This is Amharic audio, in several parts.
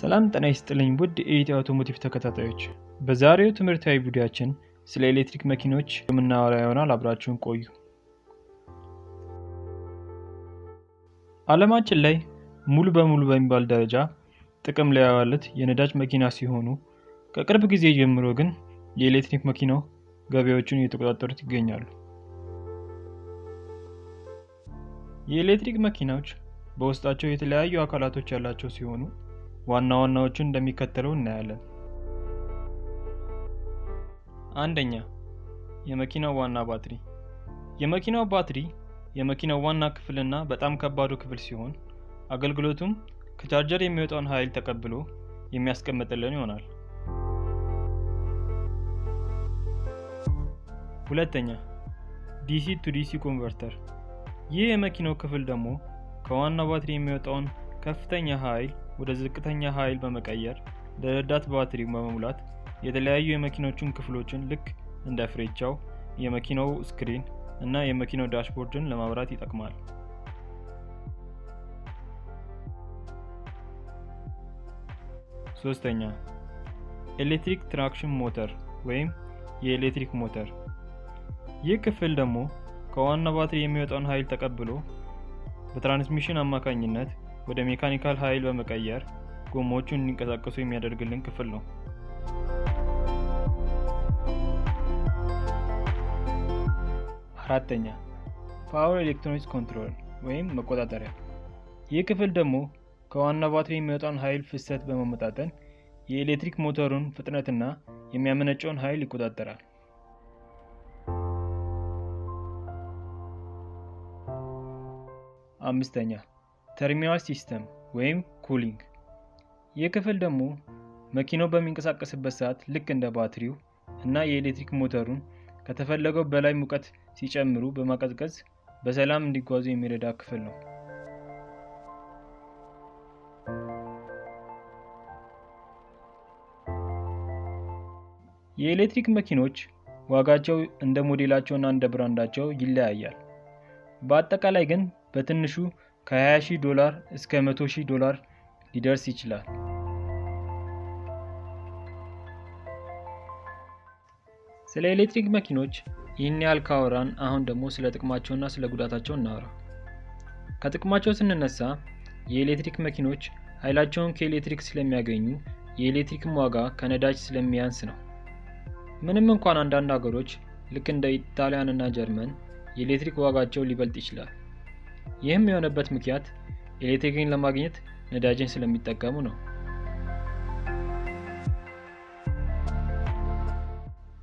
ሰላም ጤና ይስጥልኝ ውድ የኢትዮ አውቶሞቲቭ ተከታታዮች፣ በዛሬው ትምህርታዊ ቪዲዮአችን ስለ ኤሌክትሪክ መኪኖች የምናወራ ይሆናል። አብራችሁን ቆዩ። ዓለማችን ላይ ሙሉ በሙሉ በሚባል ደረጃ ጥቅም ላይ ያዋሉት የነዳጅ መኪና ሲሆኑ ከቅርብ ጊዜ ጀምሮ ግን የኤሌክትሪክ መኪናው ገበያዎቹን እየተቆጣጠሩት ይገኛሉ። የኤሌክትሪክ መኪናዎች በውስጣቸው የተለያዩ አካላቶች ያላቸው ሲሆኑ ዋና ዋናዎቹን እንደሚከተለው እናያለን። አንደኛ፣ የመኪናው ዋና ባትሪ። የመኪናው ባትሪ የመኪናው ዋና ክፍልና በጣም ከባዱ ክፍል ሲሆን አገልግሎቱም ከቻርጀር የሚወጣውን ኃይል ተቀብሎ የሚያስቀምጥልን ይሆናል። ሁለተኛ፣ ዲሲ ቱ ዲሲ ኮንቨርተር። ይህ የመኪናው ክፍል ደግሞ ከዋና ባትሪ የሚወጣውን ከፍተኛ ኃይል ወደ ዝቅተኛ ኃይል በመቀየር ለረዳት ባትሪ በመሙላት የተለያዩ የመኪኖቹን ክፍሎችን ልክ እንደ ፍሬቻው፣ የመኪናው ስክሪን እና የመኪናው ዳሽቦርድን ለማብራት ይጠቅማል። ሶስተኛ ኤሌክትሪክ ትራክሽን ሞተር ወይም የኤሌክትሪክ ሞተር። ይህ ክፍል ደግሞ ከዋና ባትሪ የሚወጣውን ኃይል ተቀብሎ በትራንስሚሽን አማካኝነት ወደ ሜካኒካል ኃይል በመቀየር ጎማዎቹን እንዲንቀሳቀሱ የሚያደርግልን ክፍል ነው። አራተኛ ፓወር ኤሌክትሮኒክስ ኮንትሮል ወይም መቆጣጠሪያ። ይህ ክፍል ደግሞ ከዋና ባትሪ የሚወጣውን ኃይል ፍሰት በመመጣጠን የኤሌክትሪክ ሞተሩን ፍጥነትና የሚያመነጨውን ኃይል ይቆጣጠራል። አምስተኛ ተርሚዋል ሲስተም ወይም ኩሊንግ። ይህ ክፍል ደግሞ መኪናው በሚንቀሳቀስበት ሰዓት ልክ እንደ ባትሪው እና የኤሌክትሪክ ሞተሩን ከተፈለገው በላይ ሙቀት ሲጨምሩ በማቀዝቀዝ በሰላም እንዲጓዙ የሚረዳ ክፍል ነው። የኤሌክትሪክ መኪኖች ዋጋቸው እንደ ሞዴላቸውና እንደ ብራንዳቸው ይለያያል። በአጠቃላይ ግን በትንሹ ከ20,000 ዶላር እስከ 100,000 ዶላር ሊደርስ ይችላል። ስለ ኤሌክትሪክ መኪኖች ይህን ያህል ካወራን አሁን ደግሞ ስለ ጥቅማቸውና ስለ ጉዳታቸው እናወራ። ከጥቅማቸው ስንነሳ የኤሌክትሪክ መኪኖች ኃይላቸውን ከኤሌክትሪክ ስለሚያገኙ የኤሌክትሪክም ዋጋ ከነዳጅ ስለሚያንስ ነው። ምንም እንኳን አንዳንድ ሀገሮች ልክ እንደ ኢጣሊያን እና ጀርመን የኤሌክትሪክ ዋጋቸው ሊበልጥ ይችላል። ይህም የሆነበት ምክንያት ኤሌክትሪክን ለማግኘት ነዳጅን ስለሚጠቀሙ ነው።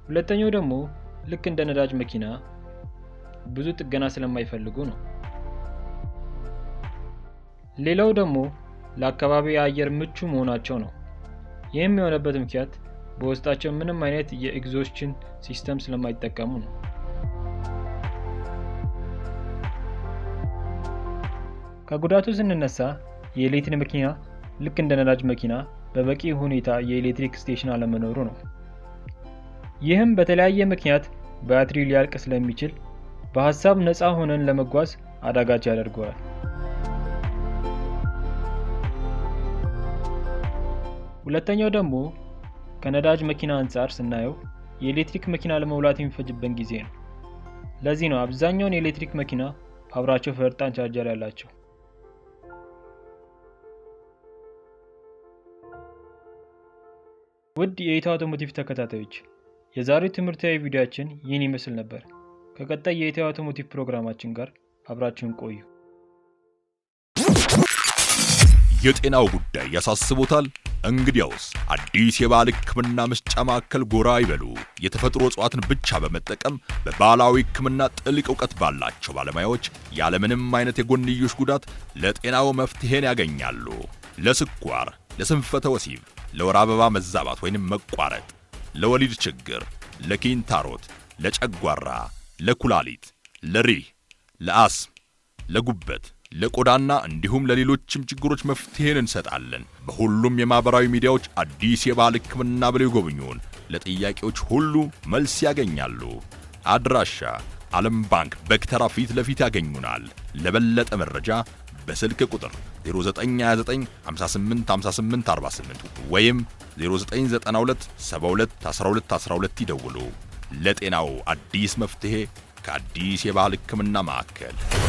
ሁለተኛው ደግሞ ልክ እንደ ነዳጅ መኪና ብዙ ጥገና ስለማይፈልጉ ነው። ሌላው ደግሞ ለአካባቢ የአየር ምቹ መሆናቸው ነው። ይህም የሆነበት ምክንያት በውስጣቸው ምንም አይነት የኤግዞስችን ሲስተም ስለማይጠቀሙ ነው። ከጉዳቱ ስንነሳ የኤሌክትሪክ መኪና ልክ እንደ ነዳጅ መኪና በበቂ ሁኔታ የኤሌክትሪክ ስቴሽን አለመኖሩ ነው። ይህም በተለያየ ምክንያት ባትሪ ሊያልቅ ስለሚችል በሀሳብ ነፃ ሆነን ለመጓዝ አዳጋች ያደርገዋል። ሁለተኛው ደግሞ ከነዳጅ መኪና አንጻር ስናየው የኤሌክትሪክ መኪና ለመሙላት የሚፈጅበት ጊዜ ነው። ለዚህ ነው አብዛኛውን የኤሌክትሪክ መኪና አብራቸው ፈርጣን ቻርጀር ያላቸው። ውድ የኢታ አውቶሞቲቭ ተከታታዮች የዛሬው ትምህርታዊ ቪዲያችን ይህን ይመስል ነበር። ከቀጣይ የኢታ አውቶሞቲቭ ፕሮግራማችን ጋር አብራችሁን ቆዩ። የጤናው ጉዳይ ያሳስቦታል? እንግዲያውስ አዲስ የባህል ሕክምና መስጫ ማዕከል ጎራ ይበሉ። የተፈጥሮ እጽዋትን ብቻ በመጠቀም በባህላዊ ሕክምና ጥልቅ እውቀት ባላቸው ባለሙያዎች ያለምንም አይነት የጎንዮሽ ጉዳት ለጤናው መፍትሄን ያገኛሉ። ለስኳር ለስንፈተ ወሲብ፣ ለወር አበባ መዛባት ወይንም መቋረጥ፣ ለወሊድ ችግር፣ ለኪንታሮት፣ ለጨጓራ፣ ለኩላሊት፣ ለሪህ፣ ለአስም፣ ለጉበት፣ ለቆዳና እንዲሁም ለሌሎችም ችግሮች መፍትሄን እንሰጣለን። በሁሉም የማህበራዊ ሚዲያዎች አዲስ የባህል ሕክምና ብለው ይጎብኙን። ለጥያቄዎች ሁሉ መልስ ያገኛሉ። አድራሻ ዓለም ባንክ በክተራ ፊት ለፊት ያገኙናል። ለበለጠ መረጃ በስልክ ቁጥር 0929585848 ወይም 0992721212 ይደውሉ። ለጤናው አዲስ መፍትሄ ከአዲስ የባህል ሕክምና ማዕከል